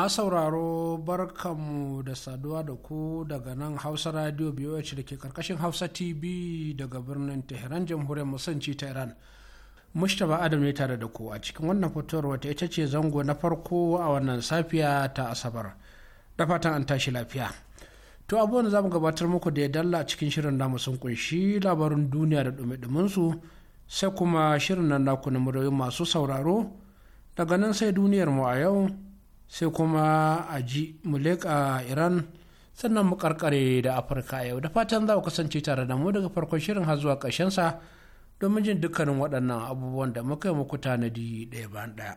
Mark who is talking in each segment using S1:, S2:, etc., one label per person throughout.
S1: masu sauraro barkanmu da saduwa da ku daga nan hausa radio biyu da ke karkashin hausa tv daga birnin tehran jamhuriyar musanci ta iran Mustapha Adam ne tare da ku a cikin wannan fitowar wata ita ce zango na farko a wannan safiya ta Asabar. Da fatan an tashi lafiya. To abubuwan za mu gabatar muku da ya dalla a cikin shirin namu sun kunshi labarin duniya da dumi su sai kuma shirin nan naku na muryoyin masu sauraro daga nan sai duniyar mu a yau sai kuma a ji mu leƙa iran sannan mu karkare da afirka yau da fatan za ku kasance tare da mu daga farkon shirin har zuwa sa domin jin dukkanin waɗannan abubuwan da muka yi muku tanadi ɗaya bayan ɗaya.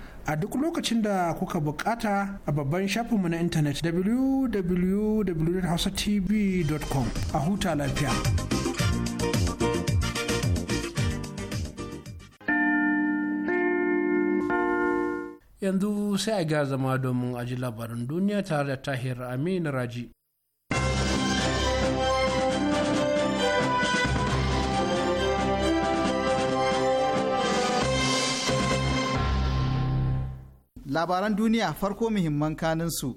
S1: a duk lokacin da kuka bukata a babban shafinmu na intanet www.hausatv.com a huta lafiya. Yanzu sai a ga zama domin aji labarin duniya tare da Tahir Amin Raji.
S2: labaran duniya farko muhimman kaninsu.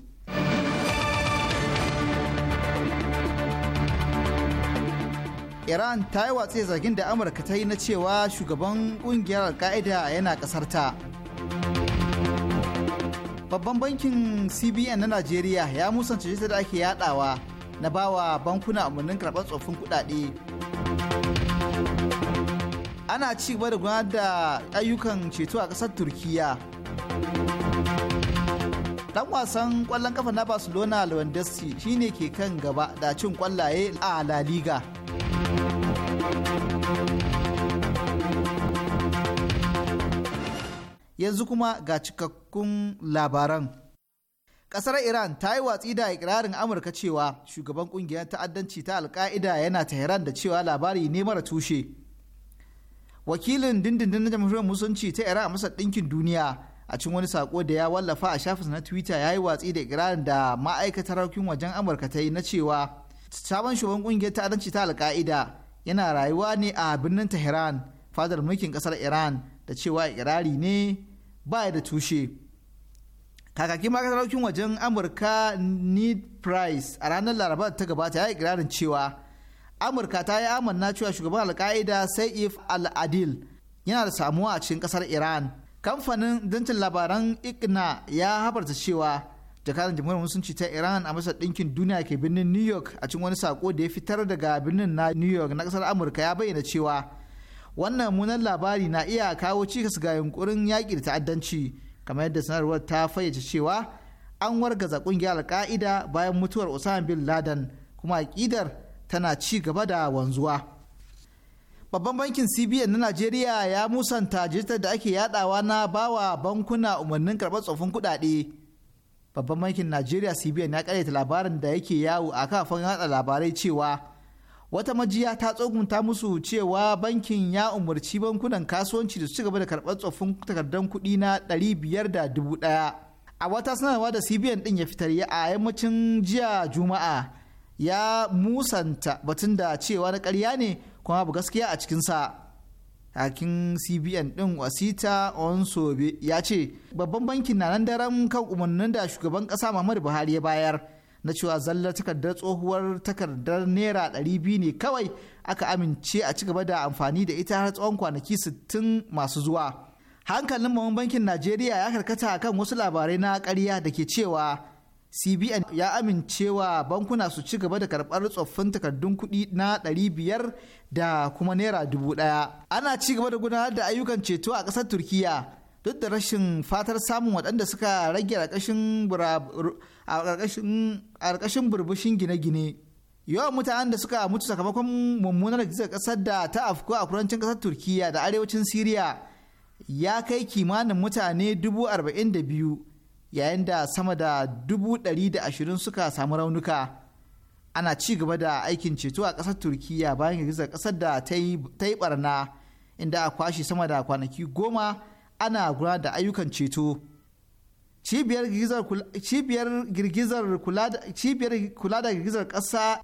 S2: Iran ta yi watsi zargin da Amurka ta yi na cewa shugaban kungiyar Al-Qaeda yana ƙasarta. Babban bankin CBN na Najeriya ya musanta jita da ake yadawa na bawa bankuna umarnin karɓar tsoffin kuɗaɗe. Ana ci gaba da gudanar da ayyukan ceto a ƙasar Turkiyya. dan wasan kwallon kafa na barcelona lewandowski shine ke kan gaba da cin kwallaye a la liga yanzu kuma ga cikakkun labaran kasar iran ta yi watsi da ikirarin amurka cewa shugaban kungiyar ta'addanci ta alka'ida yana ta tehran da cewa labari ne mara tushe wakilin dindindin na jamhuriyar musulunci ta iran a masar ɗinkin duniya a cikin wani sako da ya wallafa a shafinsa na twitter ya yi watsi da ikirarin da ma'aikatar harkokin wajen amurka ta yi na cewa sabon shugaban kungiyar ta'addanci ta alka'ida yana rayuwa ne a birnin tehran fadar mulkin kasar iran da cewa ikirari ne ba da tushe kakakin ma'aikatar wajen amurka need price a ranar laraba ta gabata ya yi ikirarin cewa amurka ta yi amanna cewa shugaban alka'ida saif al-adil yana da samuwa a cikin kasar iran kamfanin dancin labaran igna ya habarta cewa jakadan jamhuriyar musulunci ta iran a masar dinkin duniya ke birnin new york a cikin wani sako da ya fitar daga birnin na new york na kasar amurka ya bayyana cewa wannan munan labari na iya kawo cikas ga yunkurin yaƙi da ta'addanci kamar yadda sanarwar ta fayyace cewa an wargaza ƙungiyar alka'ida bayan mutuwar osama bin laden kuma aƙidar tana ci gaba da wanzuwa. babban bankin cbn na najeriya ya musanta jirtar da ake yadawa na bawa bankuna umarnin karɓar tsoffin kuɗaɗe babban bankin najeriya cbn ya karyata labarin da yake yawo a kafin yada labarai cewa wata majiya ta tsogunta musu cewa bankin ya umarci bankunan kasuwanci da su ci gaba da karɓar tsoffin takardar kuɗi na ɗari biyar da dubu ɗaya a wata sanarwa da cbn ɗin ya fitar a yammacin jiya juma'a ya musanta batun da cewa na karya ne kuma abu gaskiya a cikinsa hakin cbn din wasita onsobe ya ce babban bankin na nan daren kan umarnin da shugaban kasa muhammadu buhari ya bayar na cewa zallar takardar tsohuwar takardar naira 200 ne kawai aka amince a ci gaba da amfani da ita har tsawon kwanaki sittin masu zuwa hankalin babban bankin najeriya ya karkata kan wasu labarai na karya da ke cewa cbn ya amincewa bankuna su ci gaba da karbar tsoffin takardun kuɗi na ɗari biyar da kuma naira dubu ɗaya ana ci gaba da gudanar da ayyukan ceto a ƙasar turkiya duk da rashin fatar samun waɗanda suka rage a ƙarƙashin burbushin gine-gine yawan mutanen da suka mutu sakamakon mummunar girgizar ƙasar da ta afku a kudancin ƙasar turkiya da arewacin siriya ya kai kimanin mutane dubu arba'in da biyu yayin da sama da dubu ɗari ashirin suka samu raunuka ana ci gaba da aikin ceto a ƙasar turkiya bayan girgizar ƙasar da ta yi barna inda a kwashe sama da kwanaki goma ana gura da ayyukan ceto cibiyar kula da girgizar ƙasa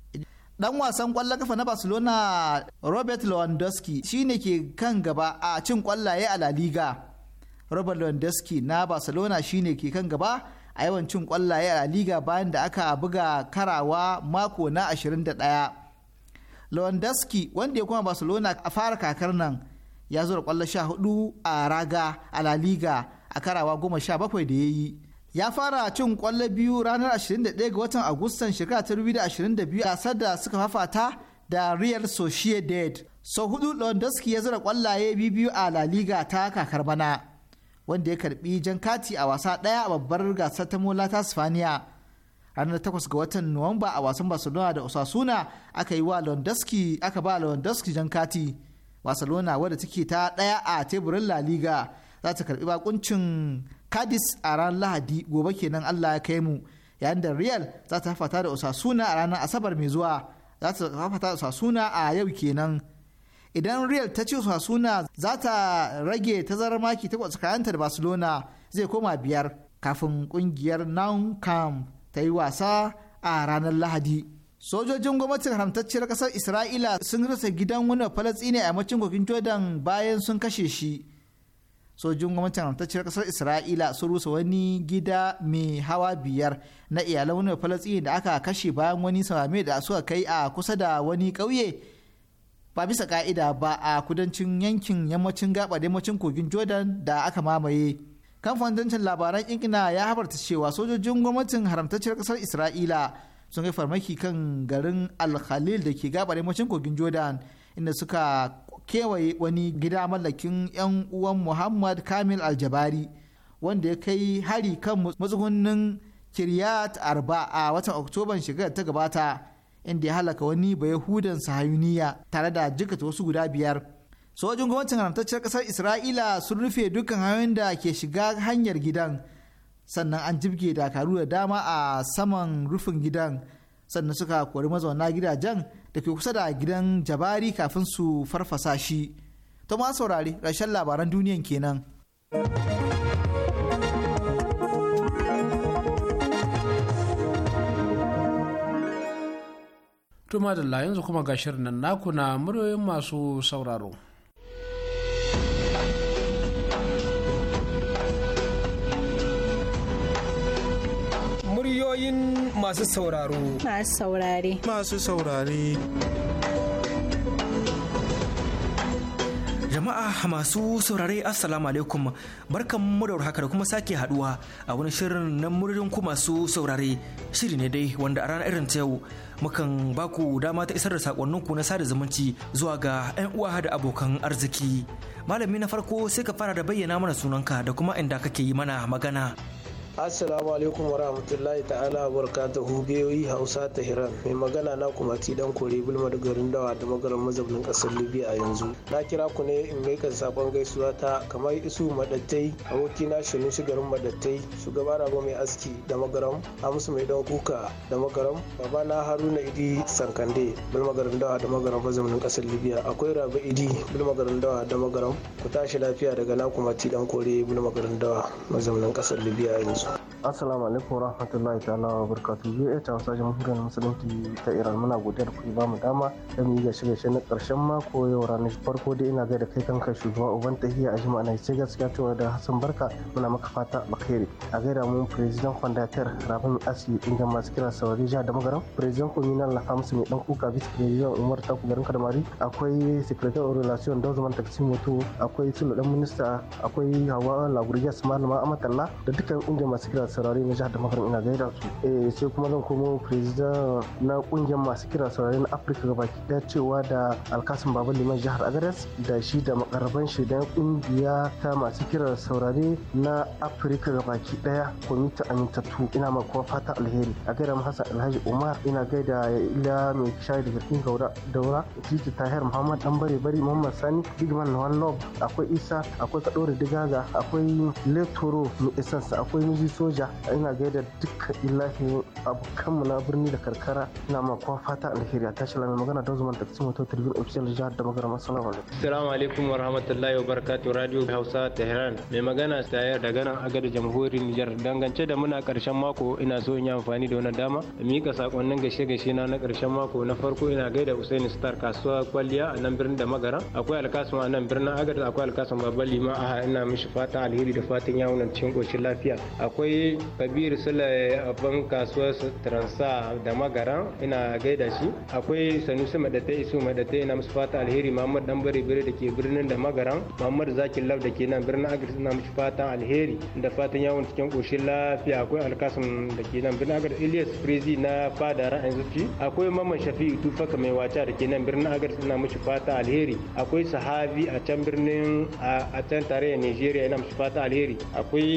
S2: dan wasan kwallon kafa na barcelona robert lewandowski shine ke kan gaba a cin kwallaye a la liga Robert Lewandowski na Barcelona shine ke kan gaba a yawan cin kwallaye a Liga bayan da aka buga karawa mako na 21. Lewandowski wanda ya kuma Barcelona a fara kakar nan ya zo da kwallo 14 a raga a La Liga a karawa 17 da ya yi. Ya fara cin kwallo biyu ranar 21 ga watan Agustan shekara 2022 a sadda suka fafata da Real Sociedad. Sau hudu Lewandowski ya zura kwallaye biyu a La Liga ta kakar bana. wanda ya karbi jan kati a wasa ɗaya a babbar gasar ta mola ta sifaniya ranar 8 ga watan nuwamba a wasan barcelona da osasuna aka yi wa lewandowski aka ba lewandowski jan kati barcelona wadda take ta ɗaya a teburin la liga za ta karbi bakuncin cadiz a ranar lahadi gobe kenan allah ya kai mu yayin da real za ta fata da osasuna a ranar asabar mai zuwa za ta fata da osasuna a yau kenan idan real ta ci suna za ta rage tazarar maki ta tsakaninta da barcelona zai koma biyar kafin kungiyar nan camp ta yi wasa a ranar lahadi sojojin gwamnatin haramtacciyar kasar isra'ila sun rasa gidan wani ne a yammacin kokin jordan bayan sun kashe shi sojojin gwamnatin haramtacciyar kasar isra'ila sun rusa wani gida mai hawa biyar na iyalan wani falastini da aka kashe bayan wani samame da suka kai a kusa da wani ƙauye ba bisa ka'ida ba a kudancin yankin yammacin gaba yammacin kogin jordan da aka mamaye kamfanin labaran ingila ya habarta cewa sojojin gwamnatin haramtacciyar kasar isra'ila sun kai farmaki kan garin alkhalil da ke gaba da yammacin kogin jordan inda suka kewaye wani gida mallakin 'yan uwan muhammad kamil aljabari wanda ya kai hari kan matsugunnin kiryat arba a watan oktoban shekarar ta gabata inda ya halaka wani bayahudan sahayuniya tare da jikata wasu guda biyar sojin gwamnatin haramtacciyar kasar isra'ila sun rufe dukkan hanyoyin da ke shiga hanyar gidan sannan an jibge dakaru da dama a saman rufin gidan sannan suka kori mazauna gidajen da ke kusa da gidan jabari kafin su farfasa shi to ma saurari rashin labaran duniyan kenan.
S1: Tuma da yanzu kuma ga nan naku na muryoyin masu sauraro.
S3: Muryoyin masu sauraro.
S4: Masu saurare. Masu saurare. Jama'a masu saurare Assalamu alaikum barkan mu da haka da kuma sake haduwa a wani shirin na muririn ku masu saurare shiri ne dai wanda a ranar irin ta yau mukan baku dama ta isar da sakonnin ku na sada zumunci zuwa ga 'yan uwa da abokan arziki. Malami na farko sai ka fara da bayyana mana sunanka da kuma inda kake yi mana magana.
S5: Assalamu alaikum wa rahmatullahi ta'ala wa barakatuhu biyoyi Hausa Hiran. Mai magana na kuma ti dan kore bulma da garin dawa da magaran mazaunin kasar Libya a yanzu. Na kira ku ne in gaika sabon gaisuwa ta kamar isu madattai aboki na shirin shigarin madattai shugaba rabo mai aski da magaram amsu mai dan kuka da magaram baba na Haruna Idi Sankande bulma garin dawa da magaran mazaunin kasar Libya akwai Rabi Idi bulma garin dawa da magaram ku tashi lafiya daga na kuma ti dan kore bulma garin dawa mazaunin kasar Libya a yanzu. Assalamu alaikum rahmatullahi ta'ala wa barkatu biyu a hausa jamhuriyar musulunci ta Iran muna godiya da kuma bamu dama da mu yi ga shirye na karshen mako yau ranar farko dai ina gaida kai kanka shugaba uban tahiya a jima'a na ce gaskiya cewa da Hassan Barka muna maka fata alkhairi a gaida mun president kwandatar Rabin Asli inda masu kira saurari jiha da magaram president communal na mai dan kuka bisa president Umar Taku garin Kadamari akwai secretary of relation da zaman moto akwai Sulu dan minista akwai Hawa Laguriyas Malama Amatalla da dukkan inda masu kira saurare na jihar damakar ina gaida su eh sai kuma zan komo president na kungiyar masu kira saurare na afirka gabaki daya cewa da alkasin baban liman jihar agadas da shi da makarban shi da kungiya ta masu kira saurare na afirka gabaki daya komita amintattu ina ma kuma fata alheri a gaida hasan alhaji umar ina gaida ila mai shayi da jirgin gaura daura titi tahir muhammad dan bare bari muhammad sani bigman lawan akwai isa akwai kadori digaga akwai letoro mai isansa akwai miji soja Abuja ina gaida dukkan ilahi abokanmu na birni da karkara ina ma kuma fata alheri a tashi magana da zuman taksim wato tribune official jihar da magana assalamu alaikum
S6: assalamu alaikum wa rahmatullahi wa barakatuh radio Hausa Tehran mai magana tayar daga nan agar jamhuriyar Nijar dangance da muna karshen mako ina so in yi amfani da wannan dama da mika sakonnin gashe gashe na na karshen mako na farko ina gaida Usaini Star kasuwa kwalliya a nan birnin da magara akwai alkasum a nan birnin agar akwai alkasum babban lima a ina mishi fata alheri da fatan yawon cikin koshin lafiya akwai shi kabir sule abin kasuwar transa da magaran ina gaida shi akwai sanusi madatai isu madatai na musu fata alheri muhammad dan bari bari da ke birnin da magaran muhammad zakin lab da ke nan birnin agris na musu fata alheri da fatan yawon cikin koshin lafiya akwai alkasun da ke nan birnin agris ilias frizi na fada ra'ayin zuci akwai mamman shafi tufaka mai wata da ke nan birnin agris na musu fata alheri akwai sahabi a can birnin a can tare da nigeria na musu fata alheri akwai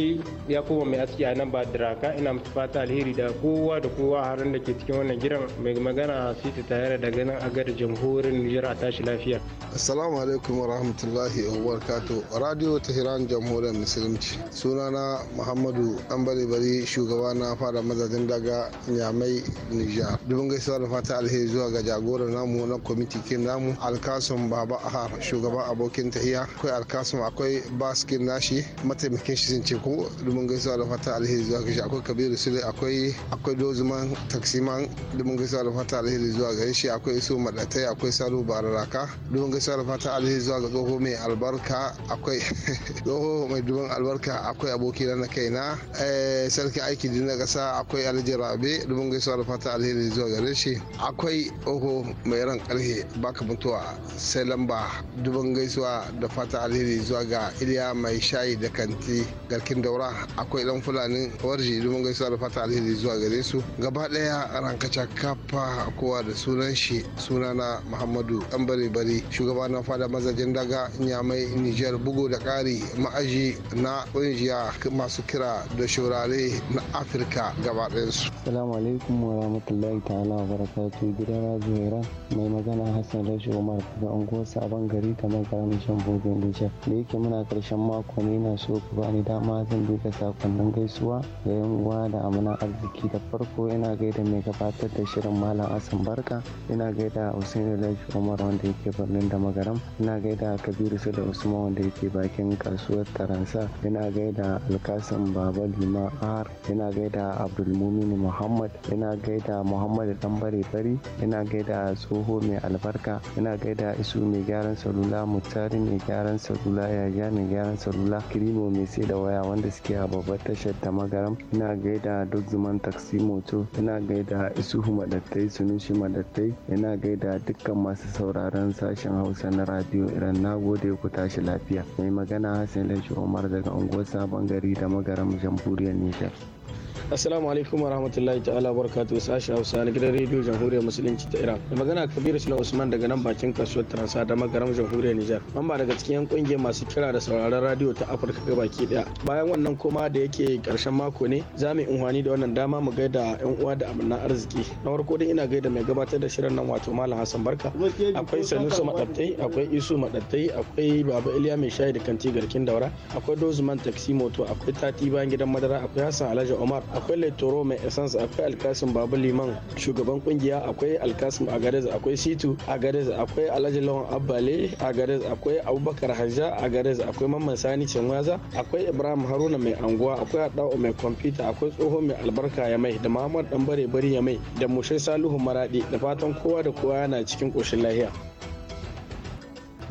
S6: yakuba mai aski a nan lamba diraka ina mutu fata alheri da kowa da kowa harin da ke cikin wannan gidan mai magana ta tayar da ganin agar
S7: jamhurin Nijar a tashi lafiya. Assalamu alaikum wa rahmatullahi wa barakatuh. Radio hiran Jamhuriyar Musulunci. Sunana Muhammadu Dan Bari shugaba na fara mazajin daga Nyamai Nijar. Dubin gaisuwa da fata alheri zuwa ga jagoran namu na kwamiti kin namu Alkasum Baba Ahar shugaba abokin tahiya akwai Alkasum akwai Baskin nashi mataimakin shi sun ce ko dubin gaisuwa da fata alheri alheri zuwa gashi akwai kabiru sule akwai akwai dozuman taksiman dubin gaisuwa da fata alheri zuwa ga shi akwai iso madatai akwai salu bararaka dubin gaisuwa da fata alheri zuwa ga tsoho mai albarka akwai tsoho mai dubin albarka akwai aboki na kaina eh, sarki aiki din na kasa akwai alhaji rabe dubin gaisuwa da fata alheri zuwa ga shi akwai oho mai ran karhe baka mutuwa sai lamba dubin gaisuwa da fata alheri zuwa ga iliya mai shayi da kanti garkin daura akwai dan fulani filin warji mun gaisa da fata alheri zuwa gare su gaba daya rankaca kafa kowa da sunan shi sunana muhammadu dan bare bare shugaba na fada mazajen daga mai niger bugu da kari ma'aji na kungiya masu kira da shaurare na afirka gaba su.
S8: assalamu alaikum wa rahmatullahi ta'ala wa barakatu gidan rajuwera mai magana hassan rashi umar daga unguwar sabon gari kamar karamin shan bogin da yake muna karshen mako ne na so ku bani dama zan duka sakonnin gaisu gaisuwa ga yan uwa da amana arziki da farko ina gaida mai gabatar da shirin malam asan barka ina gaida Hussein laifi Umar wanda yake birnin da magaram ina gaida Kabiru Sada Usman wanda yake bakin kasuwar Taransa ina gaida alkasan Baba Lima Ahar ina gaida Abdulmumin Muhammad ina gaida Muhammad Dan Bare Bari ina gaida Tsoho Mai Albarka ina gaida Isu Mai Gyaran Salula Mutari Mai Gyaran Salula yaya Mai Gyaran Salula Kirimo Mai Sai da Waya wanda suke a babbar tashar magaram ina gaida duk zuman taxi moto ina gaida isuhu madattai sunushi madattai ina gaida dukkan masu sauraron sashen hausa na radio iran na gode ku tashi lafiya mai magana hassan lashi umar daga unguwar sabon gari da magaram jamhuriyar nijar
S6: Assalamu alaikum wa rahmatullahi ta'ala wa barakatuhu sashi Hausa na gidan rediyo Jamhuriyar Musulunci ta Iran. Da magana Kabiru Sula Usman daga nan bakin kasuwar Transa da magaram Jamhuriyar Nijar. Mamba daga cikin yan kungiyar masu kira da sauraron radio ta Afirka gabaki daya. Bayan wannan kuma da yake karshen mako ne za mu yi unhwani da wannan dama mu gaida yan uwa da na arziki. Na farko dai ina gaida mai gabatar da shirin nan wato Malam Hassan Barka. Akwai Sanusu Madattai, akwai Isu Madattai, akwai Baba Iliya mai shayi da kanti garkin daura, akwai Dozuman Taxi Moto, akwai Tati bayan gidan madara, akwai Hassan Alhaji Omar, akwai laitoro mai essence akwai alkasim babu liman shugaban kungiya akwai alkasim gares akwai situ a gares akwai alhaji lawan abbale gares akwai abubakar hajja a gares akwai mamman sani cinwaza akwai ibrahim haruna mai anguwa akwai adao mai kwamfuta akwai tsoho mai albarka ya mai da muhammad dan bare bari ya mai da mushe salihu maradi da fatan kowa da kowa yana cikin koshin lahiya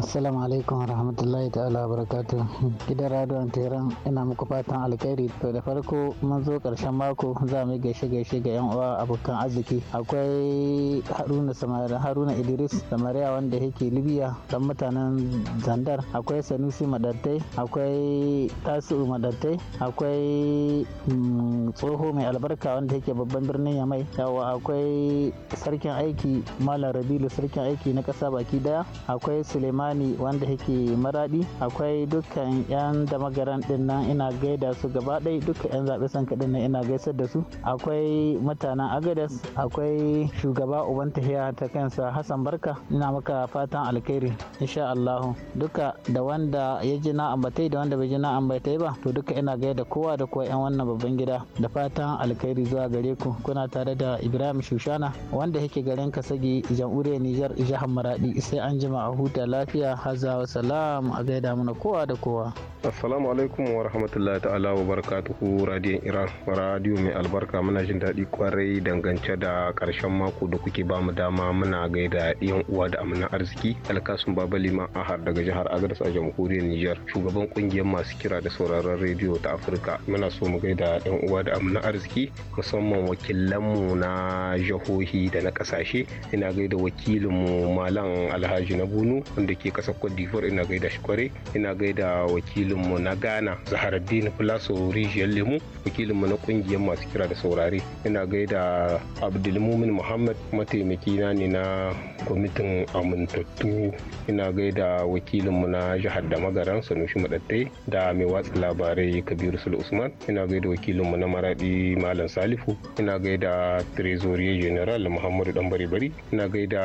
S9: Assalamu alaikum wa rahmatullahi ta'ala wa barakatu. Gidan Radio Tehran ina muku fatan alkhairi to da farko mun zo karshen mako za mu gaishe gaishe ga yan uwa abokan arziki. Akwai Haruna Samari Haruna Idris Samariya wanda yake Libya dan mutanen Zandar. Akwai Sanusi Madattai, akwai Tasiu Madattai, akwai mm, tsoho mai albarka wanda yake babban birnin Yamai. Yawa akwai sarkin aiki Malam Rabilu sarkin aiki na kasa baki daya. Akwai Suleiman sani wanda yake maradi akwai dukkan yan damagaran din nan ina gaida su gaba ɗaya dukkan yan zaɓe san kaɗin nan ina gaisar da su akwai mutanen agadas akwai shugaba uban tahiya ta kansa hassan barka ina maka fatan alkhairi insha allahu duka da wanda ya ji na ambatai da wanda bai ji na ambatai ba to duka ina gaida kowa da kowa yan wannan babban gida da fatan alkhairi zuwa gare ku kuna tare da ibrahim shushana wanda yake garin kasagi jamhuriyar nijar jihar maradi sai an jima a huta lafiya lafiya hazawa salam a gaida muna kowa da kowa
S10: assalamu alaikum wa rahmatullahi ta'ala wa tuku radiyon iran radiyo mai albarka muna jin daɗi kwarai dangance da ƙarshen mako da kuke bamu dama muna gaida yan uwa da amina arziki alkasun baba liman ahar daga jihar agadas a jamhuriyar nijar shugaban kungiyar masu kira da sauraron rediyo ta afirka muna so mu gaida yan uwa da amina arziki musamman wakilanmu na jihohi da na ƙasashe ina gaida wakilinmu malam alhaji na bunu wanda ke kasar Cote d'Ivoire ina gaida shi kwarai ina gaida wakilinmu na Ghana Zaharaddin Plaso Rijiyar Lemu wakilinmu na kungiyar masu kira da saurare ina gaida Abdulmumin Muhammad mataimaki na ne na kwamitin amintattu ina gaida wakilinmu na jihar da magaran Sanusi Madattai da mai watsa labarai Kabiru Sul Usman ina gaida wakilinmu na Maradi Malam Salifu ina gaida Trezorier General Muhammadu Dan Bari ina gaida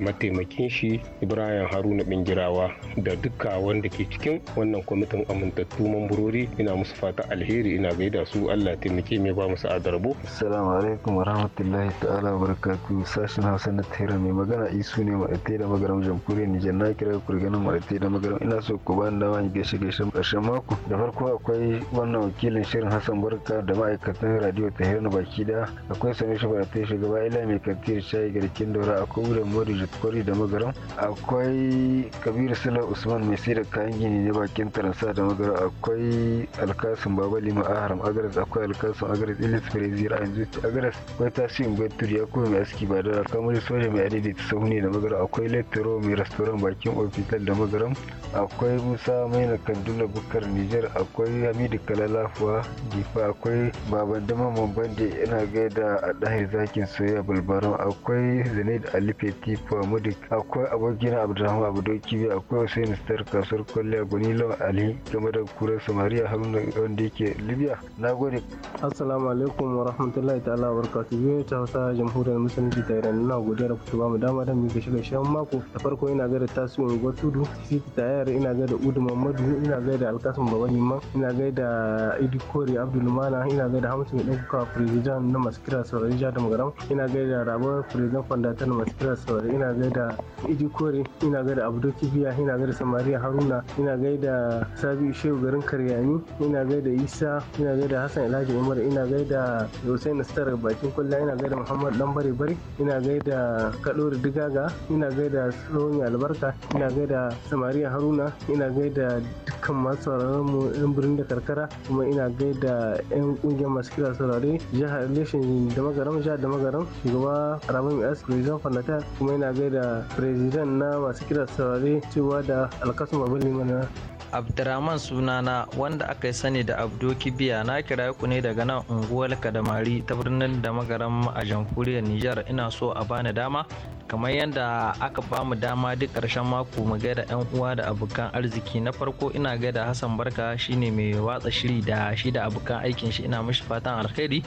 S10: mataimakin shi Ibrahim Haruna Bin jirawa da duka wanda ke cikin wannan kwamitin amintattu mamburori ina musu fata alheri ina gaida su allah taimake mai ba musu adarbo assalamu
S11: alaikum rahmatullahi ta'ala barakatu sashen hausa na tera mai magana isu ne ma'aitai da magaram jamhuriyar nijar na kira ku ganin ma'aitai da magaram ina so ku ba ni dama in gaishe gaishe ƙarshen mako da farko akwai wannan wakilin shirin hassan barka da ma'aikatan radio ta baki da akwai sami shi ta shugaba ila mai kantin shayi garkin daura akwai wurin mori jikwari da magaram akwai kabiru sula usman mai sai da kayan gini ne bakin taransa da magana akwai alkasun baba lima aharam agaras akwai alkasun agaras ilis frazier a yanzu agaras akwai tasirin batur ya kuma mai aski ba da kamar soja mai adadi ta ne da magana akwai lettero mai restoran bakin ofital da magara akwai musa na kanduna bukar niger akwai hamidu kalalafuwa gifa akwai baban dama da yana gaida a ɗahir zakin soya balbaran akwai zanid ali feti akwai abokina abdulrahman abdul kibi akwai sai star kasuwar kwalliya gwani lawan ali game da kura samariya haruna wanda yake
S5: libya na gode assalamu alaikum wa rahmatullahi ta'ala wa barkatu biyu ta hausa jamhuriyar musulunci ta iran na gode da kuka mu dama da mu shiga shan mako da farko ina ga da tasiri unguwar siti tayar ina ga da udu mamadu ina ga da alkasim babani ma ina ga da idikori abdul ina ga da hamsin mai ɗaukaka firizidan na maskira saurari jihar damgaram ina ga da rabuwar firizidan fandatan na kira saurari ina ga da ina ga da abdul kibiya ina gaida samariya haruna ina gaida sabi shehu garin karyani ina gaida isa ina gaida hassan alhaji umar ina gaida hussein star bakin kulla ina gaida muhammad dan Bari Bari ina gaida kadori digaga ina gaida tsohon albarka ina gaida samariya haruna ina gaida dukkan masu sauraron mu yan birnin da karkara kuma ina gaida yan kungiyar masu kira saurare jihar lishin da magaram jihar da magaram shugaba ramin s president fanata kuma ina gaida president na masu kira saurare saurare cewa da alkasma bane mana
S4: Abdurrahman sunana wanda aka yi sani da Abdo Kibiya na kira ku ne daga nan unguwar Kadamari ta birnin da magaran a jamhuriyar Nijar ina so a bani dama kamar yadda aka bamu dama duk ƙarshen mako mu gaida yan uwa da abokan arziki na farko ina gaida Hassan Barka shine mai watsa shiri da shi da abokan aikin shi ina mishi fatan alkhairi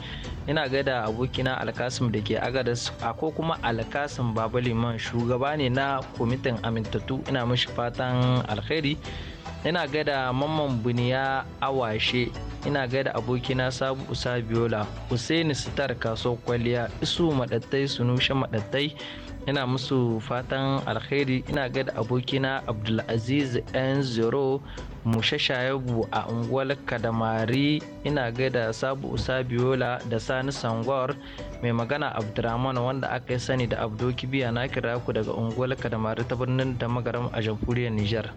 S4: ina gaida abokina Alkasim da ke Agadas ko kuma Alkasim Babaliman shugaba ne na kwamitin amintattu ina mishi fatan alkhairi ina gaida mamman buniya awashe ina gaida abokina sabu usa biola husaini sitar kaso kwaliya isu madattai sunushe madattai ina musu fatan alkhairi ina gaida abokina abdulaziz n zero mushe shayabu a unguwar kadamari ina gaida sabu usa biola da sani sangwar mai magana abdulrahman wanda aka yi sani da abdo na kira ku daga unguwar kadamari ta birnin da magaram a jamhuriyar nijar.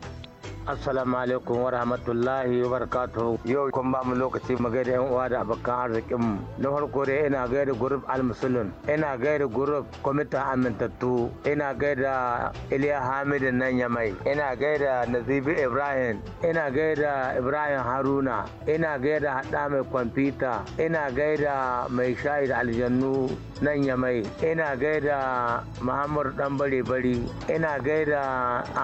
S12: assalamu alaikum wa rahmatullahi wa barakatuhu yau kun ba mu lokaci mu gaida yan uwa da abokan arzikin mu na farko dai ina gaida group al-muslim ina gaida group kwamitin amintattu ina gaida iliya hamidin nan yamai ina gaida nazibi ibrahim ina gaida ibrahim haruna ina gaida hada mai kwamfuta ina gaida mai shayi da aljannu nan yamai ina gaida muhammadu dan bare bari ina gaida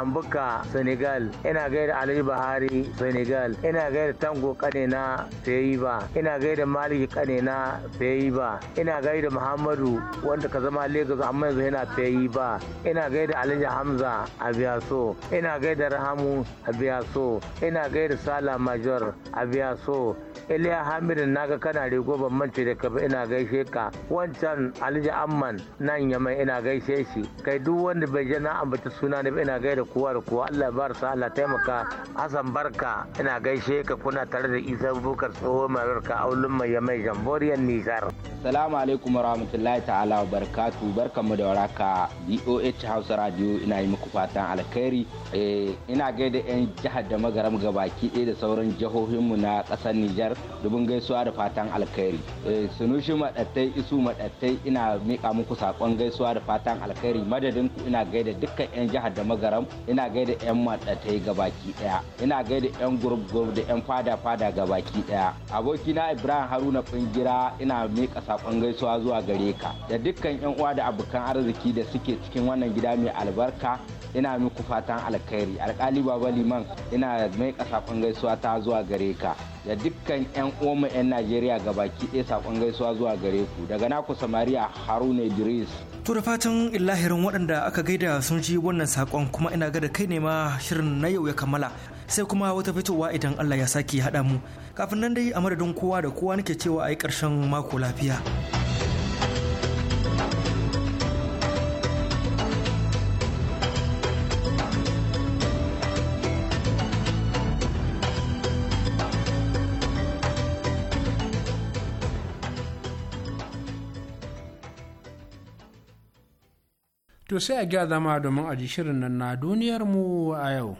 S12: ambuka senegal ina gaida Ali Bahari Senegal ina gaida Tango kane na ba ina gaida Maliki kane na ba ina gaida Muhammadu wanda ka zama Lagos amma yanzu yana ba ina gaida Alhaji Hamza a Biyaso ina gaida Rahamu a Biyaso ina gaida Sala Major a Biyaso iliya hamidin naga kana rigo ban mance da ka ina gaishe ka wancan alhaji amman nan mai ina gaishe shi kai duk wanda bai je na ambata suna ne ina gaida kowa da kowa allah ya barsa allah taimaka hassan barka ina gaishe ka kuna tare da isa bukar tsoho mararka aulun mai yamai jamboriyar nijar Assalamu alaikum warahmatullahi ta'ala wa barakatu da waraka boh hausa radio ina yi muku fatan alkhairi eh, ina gaida yan jihar da magaram gabaki ɗaya da sauran jihohinmu na ƙasar nijar dubin gaisuwa da fatan alkhairi. Eh, Sunushi madattai isu maɗatai ina mika muku sakon gaisuwa da fatan alkhairi madadin ku ina gaida dukkan 'yan jihar da magaram ina gaida 'yan madattai gabaki ɗaya ina gaida 'yan gurub da 'yan fada fada gabaki ɗaya. na Ibrahim Haruna Kungira ina mika sakon gaisuwa zuwa gare ka da dukkan 'yan uwa da abokan arziki da suke cikin wannan gida mai albarka ina muku fatan alkhairi alkali baba liman ina mai kasafin gaisuwa ta zuwa gare ka da dukkan yan uwanmu yan najeriya ga baki ɗaya sakon gaisuwa zuwa gare ku daga naku samariya haruna idris
S4: to da fatan lahirin waɗanda aka gaida sun ji wannan sakon kuma ina ga da kai ne ma shirin na yau ya kammala sai kuma wata fitowa idan allah ya sake haɗa mu kafin nan dai a madadin kowa da kowa nake cewa a yi ƙarshen mako lafiya.
S1: to sai a gya zama domin a shirin nan na duniyarmu a yau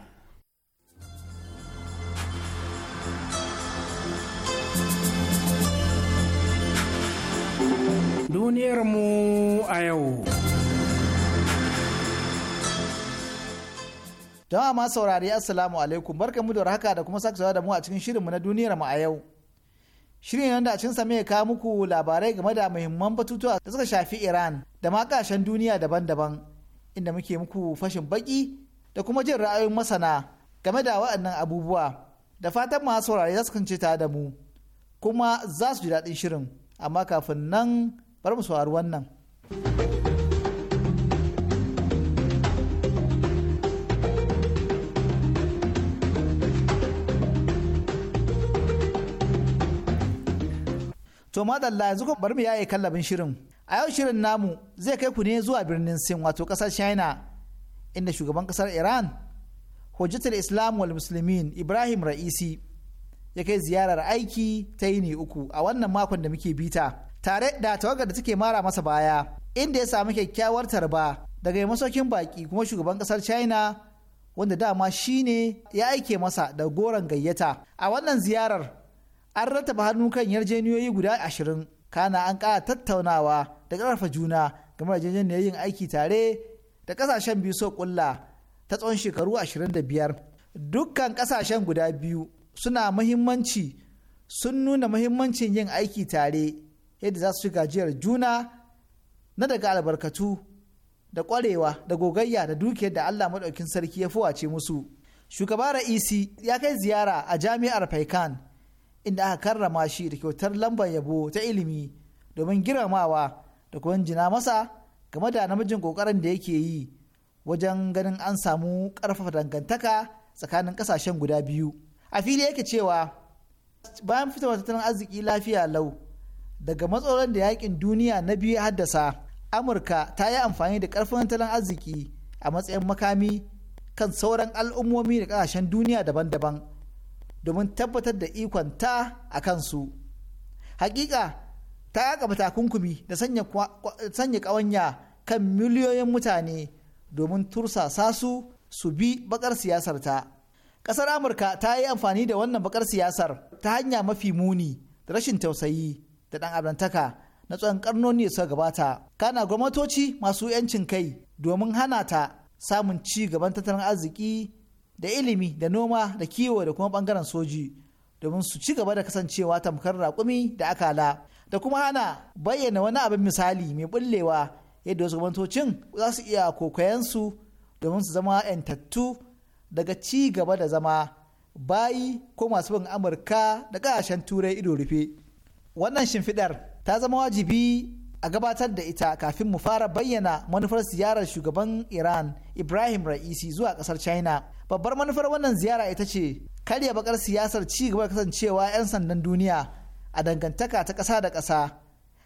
S2: duniyarmu a yau Don masu saurari assalamu alaikum mu da haka da kuma sake da mu a cikin shirinmu na duniyarmu a yau Shirin yanda a cinsa mai kawo muku labarai game da muhimman batutuwa da suka shafi Iran da ma kasashen duniya daban-daban inda muke muku fashin baki da kuma jin ra'ayoyin masana game da waɗannan abubuwa da fatan masu saurare za su kance tare da mu kuma za su ji daɗin shirin amma kafin nan bar mu saurari wannan. To madalla yanzu kuma bari mu yaye kallabin shirin. A yau shirin namu zai kai ku ne zuwa birnin Sin wato kasar China inda shugaban kasar Iran Hujjatul Islam wal Muslimin Ibrahim Ra'isi ya kai ziyarar aiki ta yini uku a wannan makon da muke bita tare da tawagar da take mara masa baya inda ya samu kyakkyawar tarba daga masaukin baki kuma shugaban kasar China wanda dama shine ya aike masa da goron gayyata a wannan ziyarar an rattaba hannu kan yarjejeniyoyi guda ashirin kana an kara tattaunawa da ƙarfafa juna game da yarjejeniyar yin aiki tare da ƙasashen biyu so ƙulla ta tsawon shekaru ashirin da biyar dukkan ƙasashen guda biyu suna mahimmanci sun nuna mahimmancin yin aiki tare yadda za su ci gajiyar juna na daga albarkatu da ƙwarewa da gogayya da dukiyar da Allah maɗaukin sarki ya fowace musu. Shugaba Ra'isi ya kai ziyara a jami'ar Faikan inda aka karrama shi da kyautar lambar yabo ta ilimi domin girmamawa da kuma jina masa game da namijin kokarin da yake yi wajen ganin an samu karfafa dangantaka tsakanin kasashen guda biyu a fili yake cewa bayan fitar tattalin arziki lafiya lau daga matsalolin da yakin duniya na biyu haddasa amurka ta yi amfani da karfin tattalin arziki a matsayin makami kan sauran al'ummomi da kasashen duniya daban-daban domin tabbatar da ikon ta a kansu hakika ta yaka takunkumi da sanya kawanya kan miliyoyin mutane domin tursasa su su bi bakar siyasar ta ƙasar amurka ta yi amfani da wannan bakar siyasar ta hanya mafi muni da rashin tausayi da ɗan abantaka na tsohon karnoni da suka gabata kana gwamnatoci masu 'yancin kai domin hana ta samun ci gaban tattalin arziki da ilimi da noma da kiwo da kuma bangaren soji domin su ci gaba da kasancewa tamkar raƙumi da akala da kuma hana bayyana wani abin misali mai bullewa yadda wasu gwamnatocin za su iya kokayensu domin su zama 'yantattu daga ci gaba da zama bayi ko masu bin amurka da ƙasashen turai ido rufe wannan shimfiɗar ta zama wajibi a gabatar da ita kafin mu fara bayyana manufar ziyarar shugaban iran ibrahim ra'isi zuwa ƙasar china babbar manufar wannan ziyara ita ce karya bakar siyasar ci gaba kasancewa 'yan sandan duniya a dangantaka ta ƙasa da ƙasa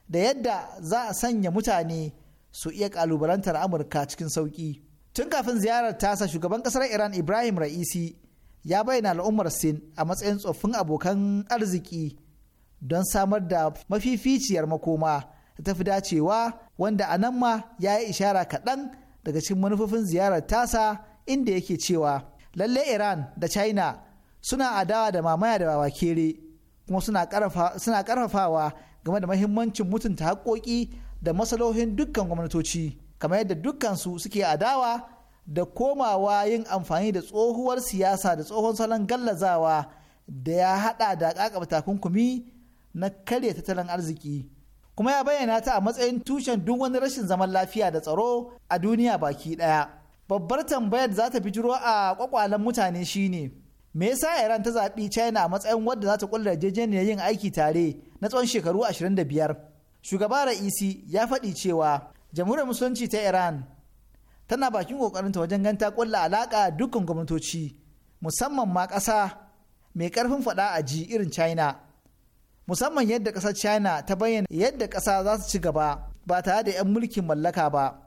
S2: da yadda za a sanya mutane su iya kalubalantar amurka cikin sauƙi tun kafin ziyarar tasa shugaban ƙasar iran ibrahim ra'isi ya bayyana al'ummar sin a matsayin tsoffin abokan arziki don samar da mafificiyar makoma da tafi dacewa wanda a nan ma ya yi ishara kaɗan daga cikin manufofin ziyarar tasa inda yake cewa lalle iran da china suna adawa da mamaya da kere kuma suna karfafawa game da mahimmancin mutunta haƙoƙi da masalohin dukkan gwamnatoci kamar yadda dukkansu suke adawa da komawa yin amfani da tsohuwar siyasa da tsohon salon gallazawa da ya hada da kakaba takunkumi na karya tattalin arziki kuma ya bayyana ta a matsayin tushen duk wani rashin zaman lafiya da tsaro a duniya baki daya babbar tambayar za ta jiro a kwakwalen mutane shine me yasa iran ta zaɓi china a matsayin wadda za ta kulla yarjejeniyar yin aiki tare na tsawon shekaru 25 shugaba ra'isi ya faɗi cewa jamhuriyar musulunci ta iran tana bakin ta wajen ganta kulla alaka dukkan gwamnatoci musamman ma ƙasa mai ƙarfin faɗa a ji irin china musamman yadda ƙasar china ta bayyana yadda ƙasa za ta ci gaba ba tare da 'yan mulkin mallaka ba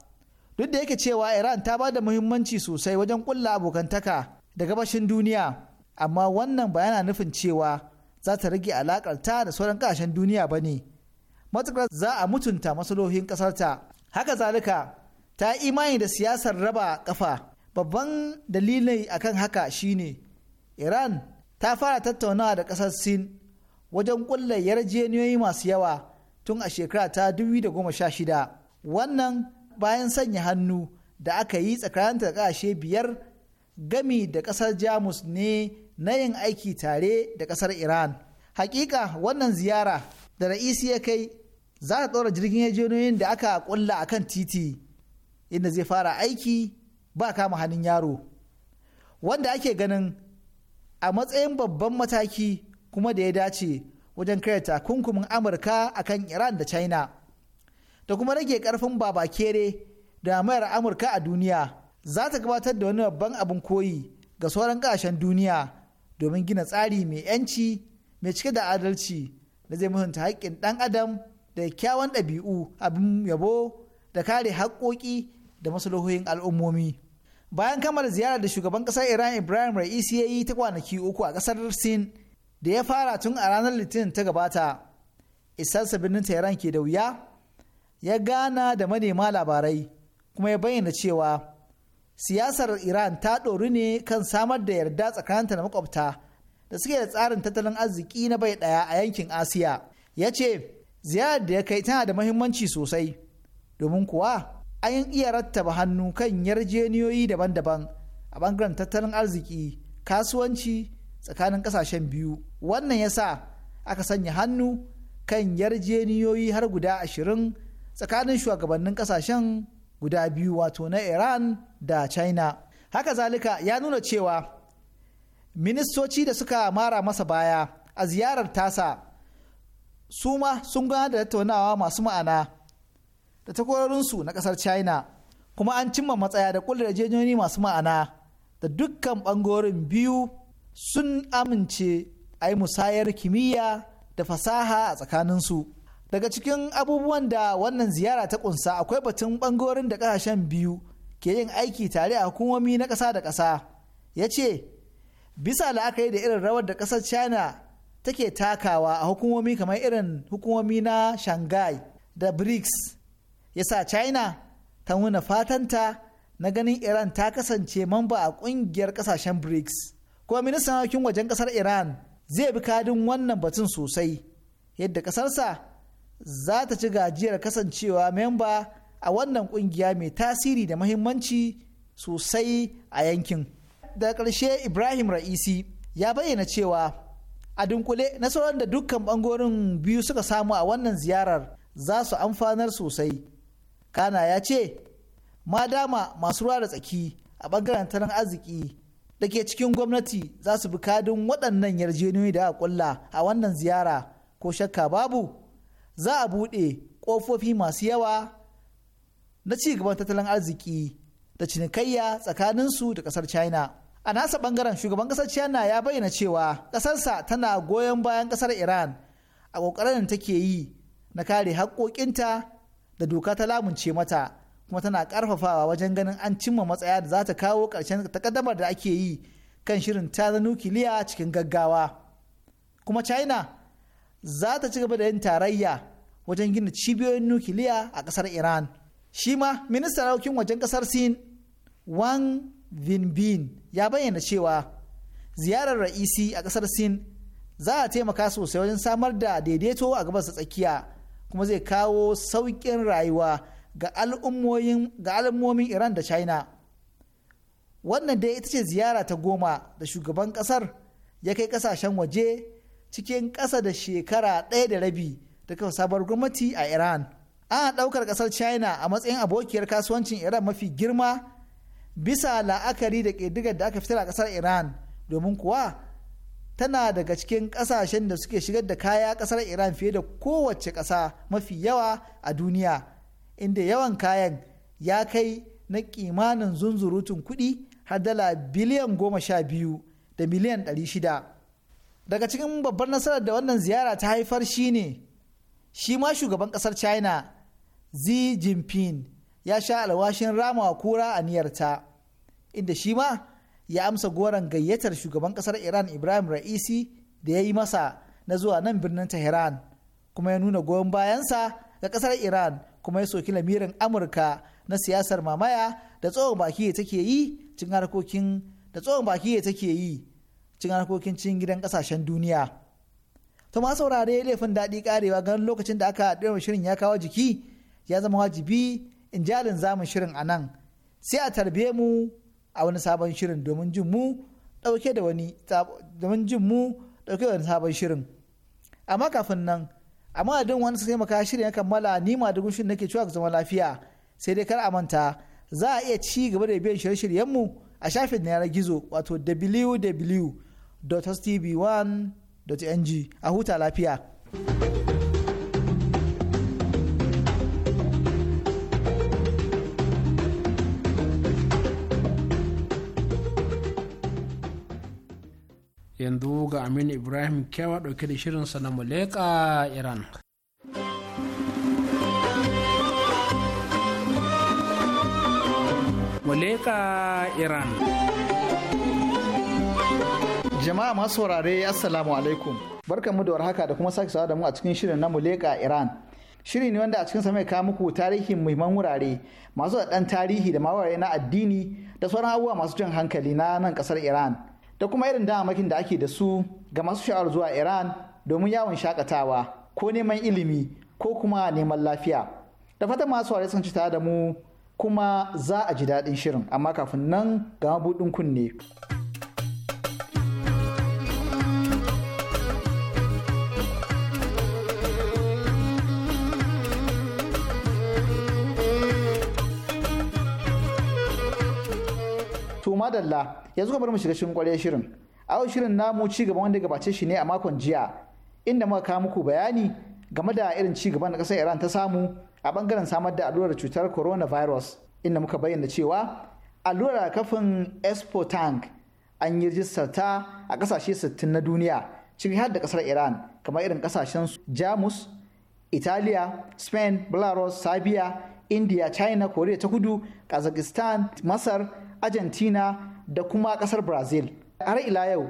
S2: duk da yake cewa iran ta ba da muhimmanci sosai wajen kulla abokantaka da gabashin duniya amma wannan ba yana nufin cewa za ta rage alakar ta da sauran kasashen duniya ba ne matuƙar za a mutunta masalohin ƙasarta haka zalika ta yi imani da siyasar raba kafa babban dalilin akan haka shine iran ta fara tattaunawa da ƙasar sin wajen kulla yarjejeniyoyi masu yawa tun a shekara ta 2016 wannan bayan sanya hannu da aka yi tsakanin ta ƙasashe biyar gami da ƙasar jamus ne na yin aiki tare da ƙasar iran hakika wannan ziyara da ra'isi ya kai za ta ɗora jirgin yajenoyin da aka kulla a kan titi inda zai fara aiki ba kama hannun yaro wanda ake ganin a matsayin babban mataki kuma da ya dace wajen kai takunkumin amurka akan iran da china da kuma rage karfin baba kere da mayar amurka a duniya za ta gabatar da wani babban abin koyi ga sauran kasashen duniya domin gina tsari mai yanci mai cike da adalci da zai mutunta haƙƙin ɗan adam da kyawun ɗabi'u abin yabo da kare haƙƙoƙi da masalahohin al'ummomi bayan kammala ziyara da shugaban ƙasar iran ibrahim ra'isi ya yi ta kwanaki uku a ƙasar sin da ya fara tun a ranar litinin ta gabata isar birnin tehran ke da wuya ya gana da manema labarai kuma ya bayyana cewa siyasar iran ta ɗori ne kan samar da yarda tsakaninta da makwabta da suke da tsarin tattalin arziki na bai ɗaya a yankin asiya ya ce ziyarar da ya kai tana da mahimmanci sosai domin kuwa an iya rattaba hannu kan yarjeniyoyi daban-daban a bangaren tattalin arziki kasuwanci tsakanin ƙasashen biyu wannan ya sa aka sanya hannu kan yarjeniyoyi har guda ashirin tsakanin shugabannin kasashen guda biyu wato na iran da china haka zalika ya nuna cewa ministoci da suka mara masa baya a ziyarar tasa su ma sun gana da tattaunawa masu ma'ana da takwarorinsu na kasar china kuma an cimma matsaya da kulle yarjejeniyoyi masu ma'ana da dukkan bangorin biyu sun amince a yi musayar kimiyya da fasaha a tsakaninsu. daga cikin abubuwan da wannan ziyara ta kunsa akwai batun bangorin da kasashen biyu ke yin aiki tare a hukumomi na ƙasa da ƙasa ya ce bisa la'akari da irin rawar da ƙasar china take takawa a hukumomi kamar irin hukumomi na shanghai da brics ya sa china ta nuna fatanta na ganin iran ta kasance mamba a ƙungiyar ƙasashen brics kuma ministan harkokin wajen ƙasar iran zai bi kadin wannan batun sosai yadda ƙasarsa za ta ci gajiyar kasancewa memba a wannan kungiya mai tasiri da mahimmanci sosai a yankin. Da ƙarshe Ibrahim Ra'isi ya bayyana cewa a dunkule nasarar da dukkan bangorin biyu suka samu a wannan ziyarar za su amfanar sosai. Kana ya ce, ma dama masu ruwa da tsaki a ɓangaren tarin arziki da ke cikin gwamnati za su bi kadin waɗannan yarjejeniyoyi da a ƙulla a wannan ziyara ko shakka babu za a buɗe ƙofofi masu yawa na ci gaban tattalin arziki da cinikayya tsakaninsu da ƙasar china a nasa ɓangaren shugaban ƙasar china ya bayyana cewa ƙasarsa tana goyon bayan ƙasar iran a ƙoƙarin da take yi na kare haƙoƙinta da doka ta lamunce mata kuma tana ƙarfafawa wajen ganin an cimma matsaya da za ta kawo ƙarshen takaddamar da ake yi kan shirin ta nukiliya cikin gaggawa kuma china za ta ci gaba da yin tarayya wajen gina cibiyoyin nukiliya a ƙasar iran shi ma ministan harkokin wajen ƙasar sin wang vinbin ya bayyana cewa ziyarar ra'isi a ƙasar sin za a taimaka sosai wajen samar da daidaito a gabas tsakiya kuma zai kawo sauƙin rayuwa ga al'ummomin iran da china wannan dai ita ce ziyara ta goma da shugaban ƙasar ya kai ƙasashen waje cikin ƙasa da shekara ɗaya da rabi da kafa sabuwar gwamnati a iran ana ɗaukar ƙasar china a matsayin abokiyar kasuwancin iran mafi girma bisa la'akari da ƙididdigar da aka fitar a ƙasar iran domin kuwa tana daga cikin ƙasashen da suke shigar da kaya ƙasar iran fiye da kowace ƙasa mafi yawa a duniya inda yawan kayan ya kai na kimanin zunzurutun kuɗi har dala biliyan goma sha biyu da miliyan ɗari shida daga cikin babbar nasarar da wannan ziyara ta haifar shine shi ma shugaban kasar china xi jinping ya sha alwashin ramawa kura a niyarta inda shi ma ya amsa goron gayyatar shugaban kasar iran ibrahim ra'isi da ya yi masa na zuwa nan birnin tehran kuma ya nuna goyon bayansa ga kasar iran kuma ya soki lamirin amurka na siyasar mamaya da tsohon baki take yi cikin harkokin da tsohon baki take yi cikin harkokin cikin gidan kasashen duniya. To ma saurare laifin daɗi karewa ganin lokacin da aka ɗaya shirin ya kawo jiki ya zama wajibi in jalin zamun shirin a nan sai a tarbe mu a wani sabon shirin domin jin mu ɗauke da wani domin jin mu ɗauke da sabon shirin. Amma kafin nan a madadin wani sai maka shirin ya kammala ni ma dugun shirin nake cewa zama lafiya sai dai kar a manta za a iya ci gaba da biyan shirye-shiryenmu a shafin yanar gizo wato www www.tv1.ng a huta lafiya.
S1: yanzu ga aminu ibrahim Kewa ɗauke da shirin na muleka iran muleka iran
S2: Jama'a masu saurare Assalamu alaikum. Barkanmu da warhaka da kuma sake sawa da mu a cikin shirin na Muleka Iran. Shiri ne wanda a cikin mai kawo muku tarihin muhimman wurare masu da tarihi da mawaye na addini da sauran abubuwa masu jan hankali na nan kasar Iran. Da kuma irin damakin da ake da su ga masu sha'awar zuwa Iran domin yawon shakatawa ko neman ilimi ko kuma neman lafiya. Da fatan masu saurare sun ci da mu kuma za a ji daɗin shirin amma kafin nan ga mabuɗin kunne. madalla yanzu kamar mu shiga cikin kwarai shirin a yau shirin namu ci gaba wanda gabace shi ne a makon jiya inda muka kawo muku bayani game da irin ci gaban da kasar Iran ta samu a bangaren samar da allurar cutar coronavirus inda muka bayyana cewa allurar kafin expo tank an yi rijistar ta a ƙasashe sittin na duniya ciki har da kasar Iran kamar irin kasashen Jamus, Italiya, Spain, Belarus, Serbia, India, China, Korea ta Kudu, Kazakhstan, Masar, argentina da kuma kasar brazil har ila yau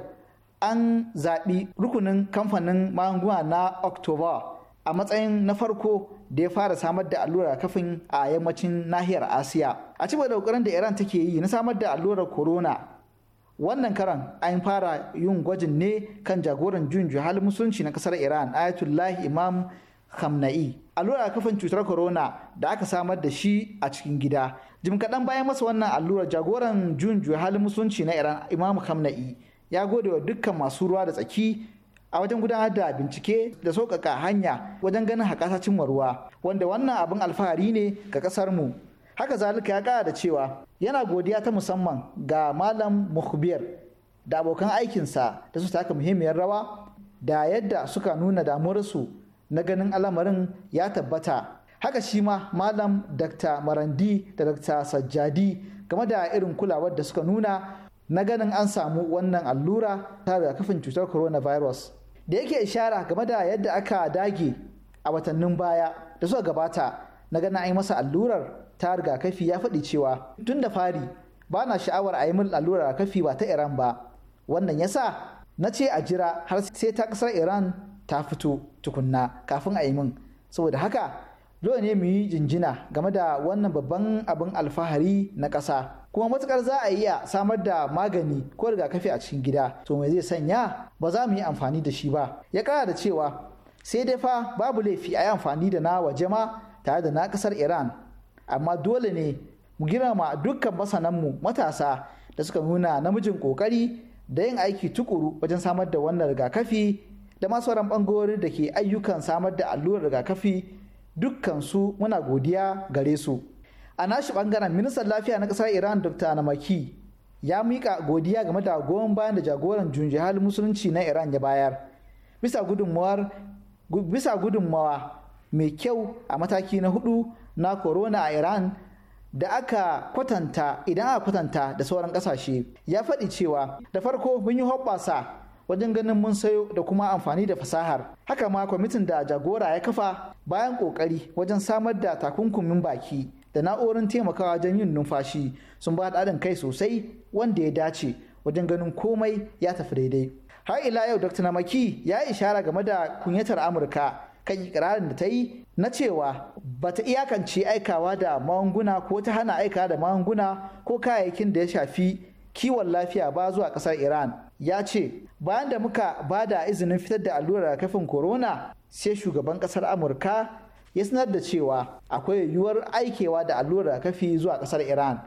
S2: an zaɓi rukunin kamfanin magunguna na october a matsayin na farko da ya fara samar da allurar kafin a yammacin nahiyar asiya a cikin da da iran take yi na samar da allurar corona wannan karan an fara yin gwajin ne kan jagoran juyin halin musulunci na kasar iran ayatullahi imam khamna'i allurar kafin cutar corona da aka samar da shi a cikin gida jim kaɗan bayan masa wannan allurar jagoran jun halin musulunci na iran imam kamna'i ya gode wa dukkan masu ruwa da tsaki a wajen gudanar da bincike da sauƙaƙa hanya wajen ganin haƙasa cimma ruwa wanda wannan abin alfahari ne ga ƙasar mu haka zalika ya ƙara da cewa yana godiya ta musamman ga malam muhbir da abokan aikinsa da su taka muhimmiyar rawa da yadda suka nuna damuwarsu na ganin al'amarin ya tabbata haka shi ma malam dr marandi da dr sajjadi game da irin kulawar da suka nuna na ganin an samu wannan allura ta kafin cutar coronavirus da yake ishara game da yadda aka dage a watannin baya da suka gabata na ganin an yi masa allurar ta rigakafi ya faɗi cewa tun da fari ba na sha'awar a yi min allurar kafi ba ta iran ba wannan yasa na ce a jira har sai ta ƙasar iran ta fito tukunna kafin a yi min saboda haka dole ne mu yi jinjina game da wannan babban abin alfahari na ƙasa kuma matukar za a iya samar da magani ko rigakafi a cikin gida to me zai sanya ba za mu yi amfani da shi ba ya kara da cewa sai dai fa babu laifi a yi amfani da na waje ma tare da na ƙasar iran amma dole ne mu girmama dukkan masananmu matasa da suka nuna namijin ƙoƙari da yin aiki tukuru wajen samar da wannan rigakafi da masu sauran bangarori da ke ayyukan samar da allurar rigakafi dukkansu muna godiya gare su a nashi bangaren ministan lafiya na kasar iran dr anamaki ya mika godiya game da goyon bayan da jagoran junjihal musulunci na iran ya bayar bisa gudunmawar bisa gudunmawa mai kyau a mataki na hudu na corona a iran da aka kwatanta idan aka kwatanta da sauran kasashe ya faɗi cewa da farko mun yi hoɓɓasa wajen ganin mun sayo da kuma amfani da fasahar haka ma kwamitin da jagora ya kafa bayan kokari wajen samar da takunkumin baki da na'urin taimakawa wajen yin numfashi sun ba haɗin kai sosai wanda ya dace wajen ganin komai ya tafi daidai har ila yau dr namaki ya ishara game da kunyatar amurka kan ikirarin da ta yi na cewa ba ta iyakance aikawa da magunguna ko ta hana aika da magunguna ko kayayyakin da ya shafi kiwon lafiya ba zuwa ƙasar iran ya ce bayan da muka ba da izinin fitar da allurar kafin corona sai shugaban kasar amurka ya sanar da cewa akwai yiwuwar aikewa da allurar kafi zuwa kasar iran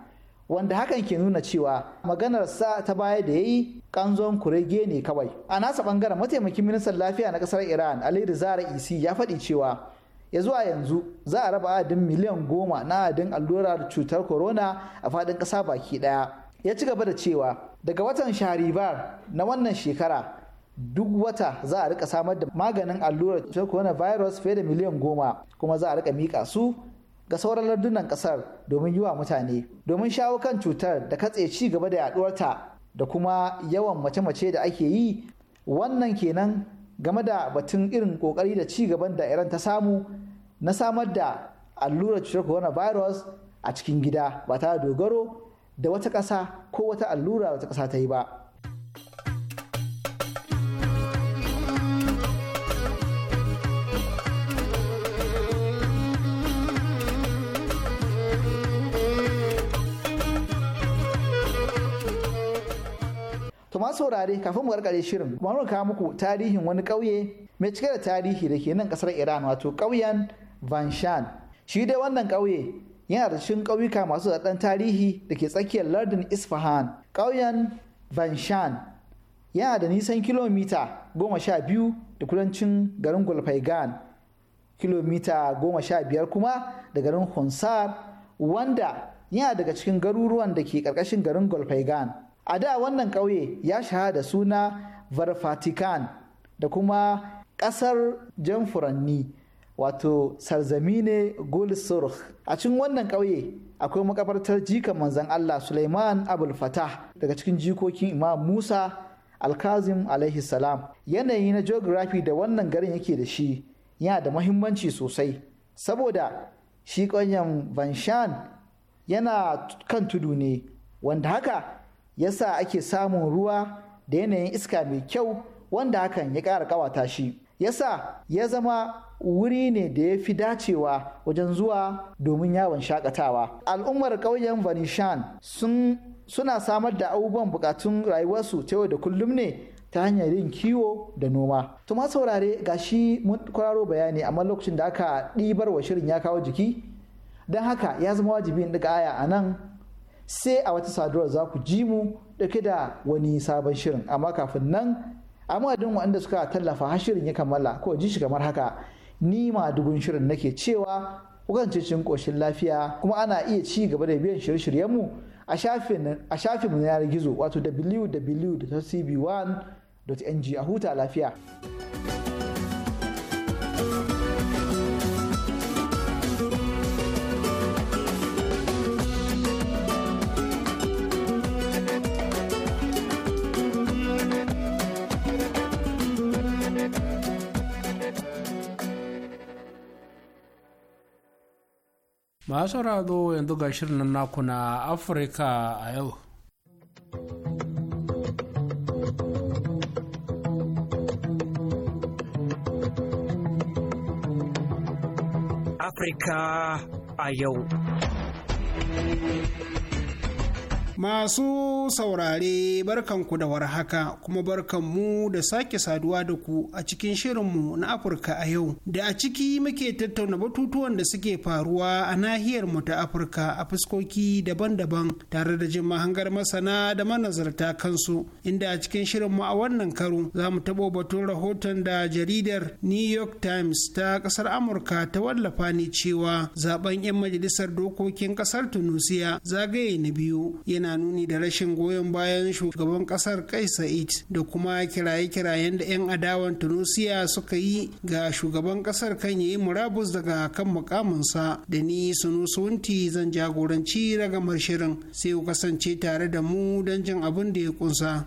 S2: wanda hakan ke nuna cewa maganarsa ta baya da ya yi kanzon kurege ne kawai a nasa bangaren mataimakin ministan lafiya na kasar iran ali rizara isi ya faɗi cewa ya zuwa yanzu za a raba adadin miliyan goma na adadin allurar cutar corona a faɗin ƙasa baki ɗaya ya ci gaba da cewa daga watan sharibar na wannan shekara duk wata za a rika samar da maganin allurar cutar coronavirus fiye da miliyan goma kuma za a rika mika su ga sauran lardunan kasar domin yi wa mutane domin shawo kan cutar da katse ci gaba da yaduwarta da kuma yawan mace-mace da ake yi wannan kenan game da batun irin kokari da ci gaban da iran ta samu na samar da allurar cutar coronavirus a cikin gida ba ta dogaro da wata ƙasa ko wata allura wata ƙasa ta yi ba. To saurare kafin mu karkare shirin, mu kawo muku tarihin wani ƙauye mai cike da tarihi da ke nan ƙasar Iran wato ƙauyen Vanshan. Shi dai wannan ƙauye yana da cikin ƙauyuka masu daɗan tarihi da ke tsakiyar lardin isfahan ƙauyen vanshan yana da nisan kilomita goma sha biyu da kudancin garin gulfaigan kilomita goma sha biyar kuma da garin hunsar wanda yana daga cikin garuruwan da ke ƙarƙashin garin gulfaigan a da wannan ƙauye ya shahara da suna varfatikan da kuma ƙasar jan furanni wato sarzamine gulsurh a cikin wannan ƙauye akwai makabartar jikan manzan Allah Suleiman Abul Fatah daga cikin jikokin Imam Musa Alkazim alaihi salam yanayi na geography da wannan garin yake da shi yana da mahimmanci sosai saboda shi ƙauyen Banshan yana kan tudu ne wanda haka yasa ake samun ruwa da yanayin iska mai kyau wanda hakan ya ƙara ƙawata shi yasa ya zama wuri ne da ya fi dacewa wajen zuwa domin yawon shakatawa al'ummar ƙauyen vanishan sun suna samar da abubuwan bukatun rayuwarsu ta yau da kullum ne ta hanyar yin kiwo da noma tuma ma saurare ga shi mun kwararo bayani amma lokacin da aka ɗibar wa shirin ya kawo jiki don haka ya zama wajibi in ɗiga aya a nan sai a wata saduwar za ku ji mu ɗauke da wani sabon shirin amma kafin nan amma madadin waɗanda suka tallafa shirin ya kammala ko ji shi kamar haka ni ma dugun shirin nake cewa kukance cikin koshin lafiya kuma ana iya ci gaba da biyan shirye shiryen mu a shafin a na yanar gizo wato www.cb1.ng a huta lafiya.
S1: masu rado yanzu ga shirin na afirka a yau
S3: afirka a yau Masu saurare barkanku da warhaka kuma barkanmu da sake saduwa da ku a cikin shirinmu na Afirka a yau. Da a ciki muke tattauna batutuwan da suke faruwa a nahiyar mu ta Afirka a fuskoki daban-daban tare da jin mahangar masana da manazarta kansu. Inda a cikin shirinmu a wannan karo za mu taɓo batun rahoton da jaridar New York Times ta ƙasar Amurka ta wallafa ne cewa zaben 'yan majalisar dokokin ƙasar Tunusiya zagaye na biyu yana yana nuni da rashin goyon bayan shugaban kasar kai sa'id da kuma kiraye-kirayen da 'yan adawan tunisia suka yi ga shugaban kasar kan yi murabus daga kan mukaminsa da ni sunu sunti zan jagoranci ragamar shirin sai ku kasance tare da mu don jin abin da ya kunsa.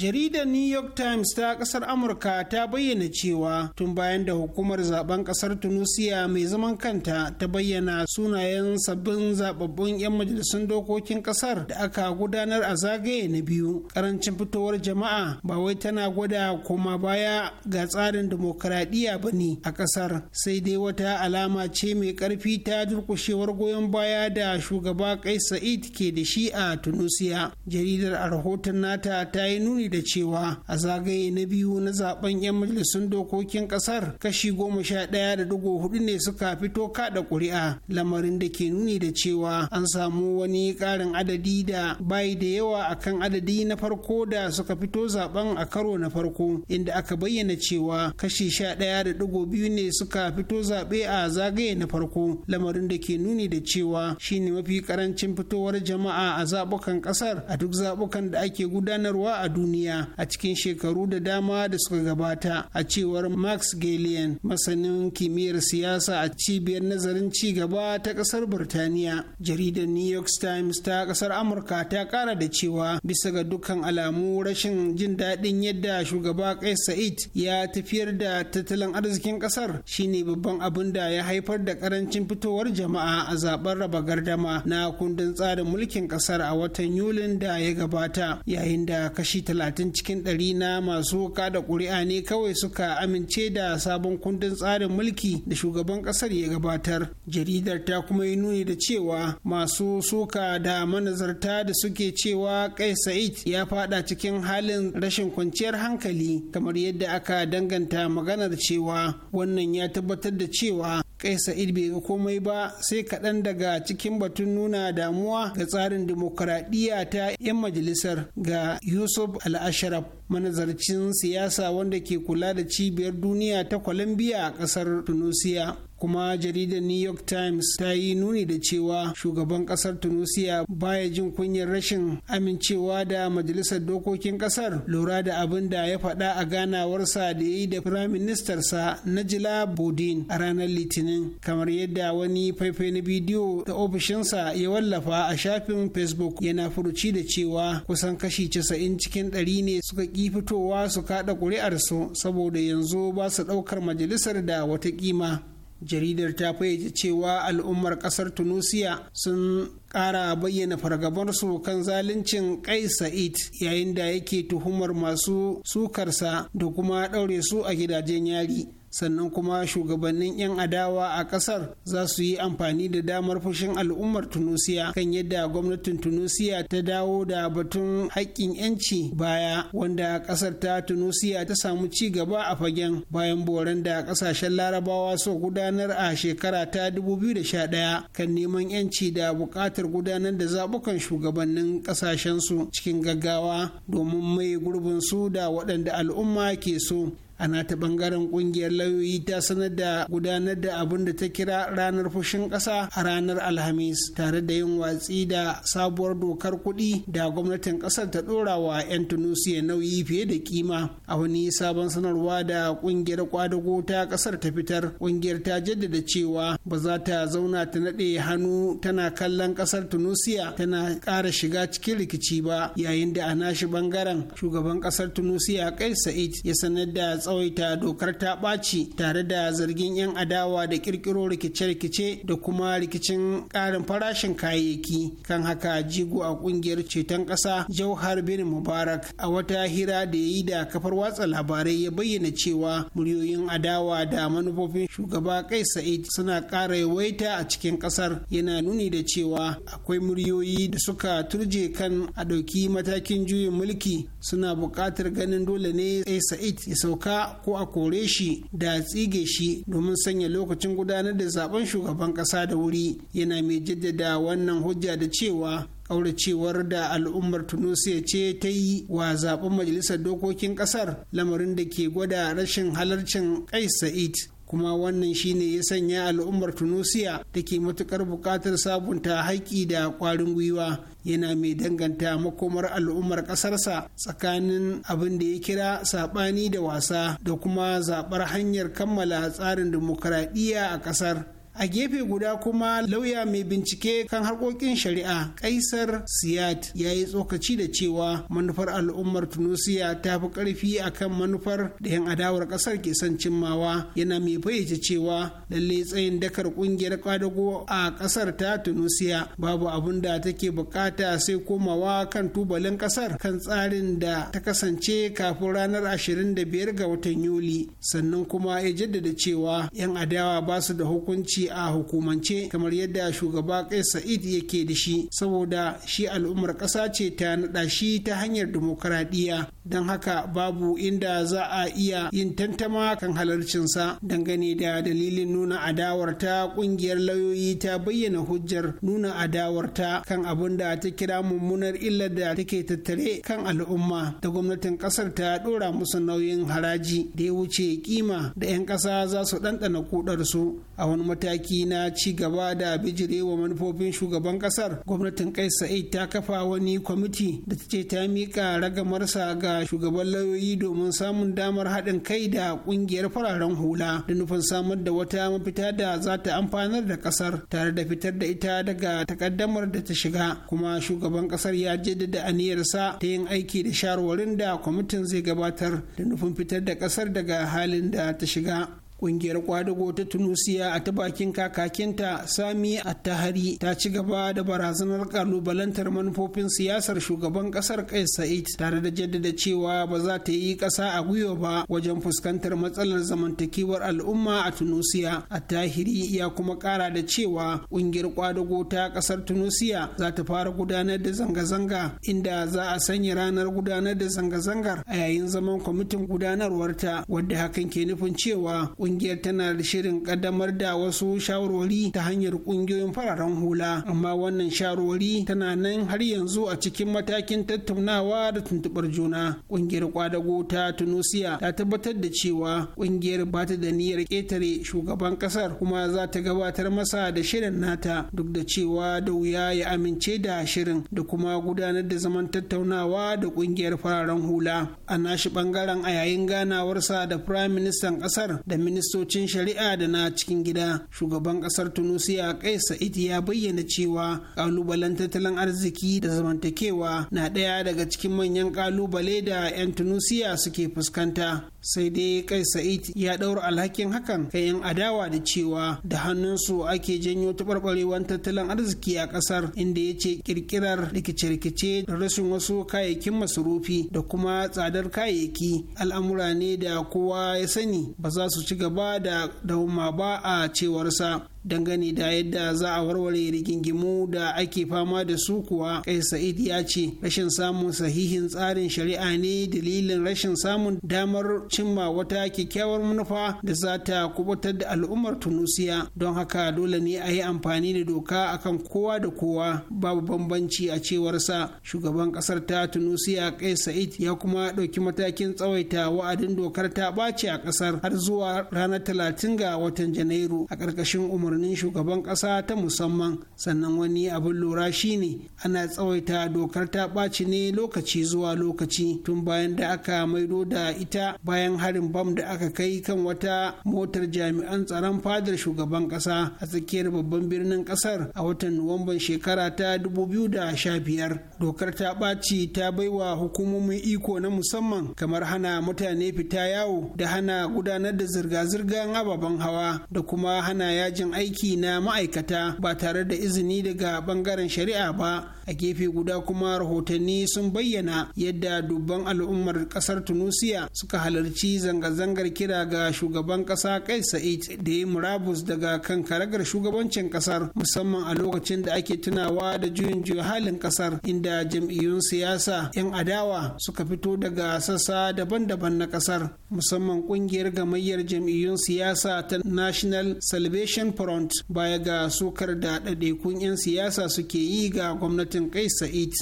S3: jaridar new york times ta kasar amurka ta bayyana cewa tun bayan da hukumar zaben kasar tunisia mai zaman kanta ta bayyana sunayen sabbin zababbun 'yan majalisun dokokin kasar da aka gudanar a zagaye na biyu karancin fitowar jama'a ba wai tana gwada koma baya ga tsarin dimokuraɗiyya ba ne a kasar sai dai wata alama ce mai karfi ta durkushewar goyon baya da shugaba kai sa'id ke da shi a tunisia jaridar a rahoton nata ta yi nuni da cewa a zagaye na biyu na zaben 'yan majalisun dokokin kasar kashi goma sha ɗaya da digo hudu ne suka fito kada ƙuri'a lamarin da ke nuni da cewa an samu wani ƙarin adadi da bayi da yawa akan adadi na farko da suka fito zaben a karo na farko inda aka bayyana cewa kashi sha ɗaya da digo biyu ne suka fito zaɓe a zagaye na farko lamarin da ke nuni da cewa shine mafi karancin fitowar jama'a a zaɓukan ƙasar a duk zaɓukan da ake gudanarwa a duniya duniya a cikin shekaru da dama da suka gabata a cewar max galian masanin kimiyyar siyasa a cibiyar nazarin ci gaba ta kasar birtaniya jaridar new york times ta kasar amurka ta kara da cewa bisa ga dukkan alamu rashin jin daɗin yadda shugaba kai sa'id ya tafiyar da tattalin arzikin kasar shine babban abin da ya haifar da karancin fitowar jama'a a zaben raba gardama na kundin tsarin mulkin kasar a watan yulin da ya gabata yayin da kashi 30 talatin cikin ɗari na masu da ƙuri'a ne kawai suka amince da sabon kundin tsarin mulki da shugaban ƙasar ya gabatar jaridar ta kuma yi nuni da cewa masu suka da manazarta da suke cewa kai sa'id ya fada cikin halin rashin kwanciyar hankali kamar yadda aka danganta maganar cewa wannan ya tabbatar da cewa kai sa'id bai komai ba sai kaɗan daga cikin batun nuna damuwa ga tsarin dimokuraɗiyya ta 'yan majalisar ga yusuf al-ashraf manazarcin siyasa wanda ke kula da cibiyar duniya ta colombia a ƙasar tunisia kuma jaridar new york times ta yi nuni da cewa shugaban kasar tunisia baya jin kunyar rashin amincewa da majalisar dokokin kasar lura da abin da ya faɗa a ganawarsa da ya yi da firaministarsa najila bodin a ranar litinin kamar yadda wani faifai na bidiyo da ofishinsa ya wallafa a shafin facebook yana furuci da cewa kusan kashi casa'in cikin ɗari ne suka ƙi fitowa su kaɗa ƙuri'arsu saboda yanzu ba su ɗaukar majalisar da wata ƙima. jaridar ta fayyace cewa al'ummar kasar tunisia sun kara bayyana fargabarsu kan zaluncin kai sa'id yayin da yake tuhumar masu sukarsa da kuma ɗaure su a gidajen yari sannan kuma shugabannin 'yan adawa a kasar za su yi amfani da damar fushin al'ummar tunusiya kan yadda gwamnatin tunusiya ta dawo da batun haƙƙin 'yanci baya wanda kasar ta tunusiya ta samu ci gaba a fagen bayan boran da kasashen larabawa so gudanar a shekara ta 2011 kan neman 'yanci da buƙatar gudanar da zaɓukan shugabannin ƙasashensu cikin gaggawa domin mai gurbin su da waɗanda al'umma ke so ana ta bangaren kungiyar lauyoyi ta sanar da gudanar da abin da ta kira ranar fushin kasa a ranar alhamis tare da yin watsi da sabuwar dokar kuɗi da gwamnatin ƙasar ta dora wa 'yan tunusiya nauyi fiye da kima a wani sabon sanarwa da kungiyar kwadago ta ƙasar ta fitar kungiyar ta jaddada cewa ba za ta zauna ta naɗe hannu tana kallon kasar tunusiya tana ƙara shiga cikin rikici ba yayin da a nashi bangaren shugaban ƙasar tunusiya kai sa'id ya sanar da tsawaita dokar ta ɓaci tare da zargin 'yan adawa da ƙirƙiro rikice-rikice da kuma rikicin ƙarin farashin kayayyaki kan haka jigo a ƙungiyar ceton ƙasa jauhar bin mubarak a wata hira da ya yi da kafar watsa labarai ya bayyana cewa muryoyin adawa da manufofin shugaba kai sa'id suna ƙara yawaita a cikin ƙasar yana nuni da cewa akwai muryoyi da suka turje kan a ɗauki matakin juyin mulki suna buƙatar ganin dole ne sai sa'id ya sauka ko a kore shi da a tsige shi domin sanya lokacin gudanar da zaben shugaban ƙasa da wuri yana mai jaddada wannan hujja da cewa ƙauracewar da al'ummar tunisia ce ta yi wa zaben majalisar dokokin kasar lamarin da ke gwada rashin halarcin kai sa'id kuma wannan shine ya sanya al'ummar tunisia da ke matukar buƙatar sabunta haƙƙi da ƙwarin gwiwa yana mai danganta makomar al'ummar ƙasarsa tsakanin abin da ya kira saɓani da wasa da kuma zaɓar hanyar kammala tsarin dimokuraɗiyya a ƙasar a gefe guda kuma lauya mai bincike kan harkokin shari'a kaisar siyad ya yi tsokaci da cewa manufar al'ummar tunisia ta fi karfi akan manufar da yan adawar kasar ke son cimmawa yana mai fayyace cewa lalle tsayin dakar kungiyar kwadago a kasar ta tunisia babu abun da take bukata sai komawa kan tubalin kasar kan tsarin da ta kasance kafin ranar 25 ga watan yuli sannan kuma ya jaddada cewa yan adawa ba su da hukunci shi a hukumance kamar yadda shugaba kai sa'id yake da shi saboda shi al'ummar ƙasa ce ta naɗa shi ta hanyar dimokuraɗiyya don haka babu inda za a iya yin tantama kan halarcinsa dangane da dalilin nuna adawarta ta ƙungiyar lauyoyi ta bayyana hujjar nuna adawar ta kan abin da ta kira mummunar illar da take tattare kan al'umma da gwamnatin ƙasar ta ɗora musu nauyin haraji da ya wuce kima da 'yan ƙasa za su ɗanɗana kudarsu a wani mataki na ci gaba da bijirewa manufofin shugaban kasar gwamnatin kai sa'id ta kafa wani kwamiti da ta ce ta miƙa ragamarsa ga shugaban lauyoyi domin samun damar haɗin kai da ƙungiyar fararen hula da nufin samar da wata mafita da za ta amfanar da kasar tare da fitar da ita daga takaddamar da ta shiga kuma shugaban kasar ya jaddada aniyarsa ta yin aiki da shawarwarin da kwamitin zai gabatar da nufin fitar da kasar daga halin da ta shiga Ƙungiyar kwadago ta Tunusiya a ta bakin kakakinta Sami Attahari ta ci gaba da barazanar kalubalantar manufofin siyasar shugaban ƙasar kai Sa'id tare da jaddada cewa ba za ta yi kasa a gwiwa ba wajen fuskantar matsalar zamantakewar al'umma a Tunusiya. a tahiri ya kuma ƙara da cewa ƙungiyar kwadago ta ƙasar Tunusiya za ta fara gudanar da zanga-zanga inda za a sanya ranar gudanar da zanga-zangar a yayin zaman kwamitin gudanarwarta wadda hakan ke nufin cewa kungiyar tana da shirin kaddamar da wasu shawarwari ta hanyar kungiyoyin fararen hula amma wannan shawarwari tana nan har yanzu a cikin matakin tattaunawa da tuntubar juna kungiyar kwadago ta tunisia ta tabbatar da cewa kungiyar ba ta da niyyar ketare shugaban kasar kuma za ta gabatar masa da shirin nata duk da cewa da wuya ya amince da shirin da kuma gudanar da zaman tattaunawa da kungiyar fararen hula a nashi bangaren a yayin ganawarsa da firayim ministan kasar da ministan ministocin shari'a da na cikin gida shugaban kasar tunusiya kai sa'id ya bayyana cewa kalubalen tattalin arziki da zamantakewa na ɗaya daga cikin manyan kalubale da 'yan tunusiya suke fuskanta sai dai kai sa'id ya ɗaura alhakin hakan kan 'yan adawa da cewa da hannunsu ake janyo taɓarɓarewar tattalin arziki a ƙasar inda ya ce ƙirƙirar rikice-rikice da rashin wasu kayayyakin masarufi da kuma tsadar kayayyaki al'amura ne da kowa ya sani ba za su ci gaba gaba da dauma ba a cewarsa dangane da yadda za a warware rigingimu da ake fama da su kuwa kai sa'id ya ce rashin samun sahihin tsarin shari'a ne dalilin rashin samun damar cimma wata kyakkyawar manufa da za ta kubutar da al'ummar tunusiya don haka dole ne a yi amfani da doka akan kowa da kowa babu bambanci a cewar sa. shugaban kasar ta tunusiya kai sa'id ya kuma ɗauki matakin tsawaita wa'adin dokar ta ɓace a kasar har zuwa ranar talatin ga watan janairu a ƙarƙashin umar umarnin shugaban ƙasa ta musamman sannan wani abin lura shine ana tsawaita dokar ta ɓaci ne lokaci zuwa lokaci tun bayan da aka maido da ita bayan harin bam da aka kai kan wata motar jami'an tsaron fadar shugaban ƙasa a tsakiyar babban birnin ƙasar a watan nuwamban shekara ta 2015 dokar ta ɓaci ta baiwa hukumomin iko na musamman kamar hana mutane fita yawo da hana gudanar da zirga-zirgar ababen hawa da kuma hana yajin aiki na ma'aikata ba tare da izini daga bangaren shari'a ba a gefe guda kuma rahotanni sun bayyana yadda dubban al'ummar kasar tunisia suka halarci zanga-zangar kira ga shugaban kasa kai sa'id da ya murabus daga kan karagar shugabancin kasar musamman a lokacin da ake tunawa da juyin juya halin kasar inda jam'iyyun siyasa 'yan adawa suka fito daga sassa daban-daban na kasar musamman kungiyar gamayyar jam'iyyun siyasa ta national salvation for front baya ga sukar da ɗaiɗaikun 'yan siyasa suke yi ga gwamnatin kai sa'id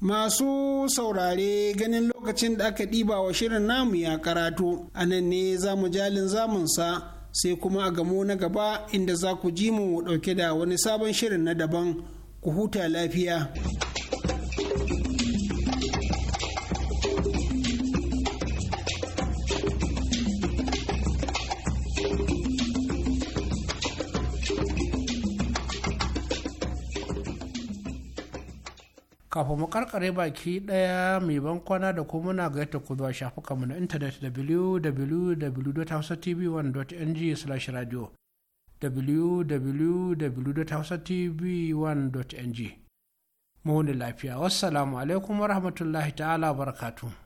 S3: masu saurare ganin lokacin da aka ɗiba wa shirin namu ya karatu a nan ne za mu jalin zamunsa sai kuma a gamo na gaba inda za ku ji mu ɗauke da wani sabon shirin na daban ku huta lafiya.
S1: kafin mu karkare baki daya mai bankwana da kuma muna gayyata ku zuwa shafukanmu na intanet www.hausatv1.ng slash radio www.hausatv1.ng mu lafiya wassalamu alaikum rahmatullahi ta'ala barakatuh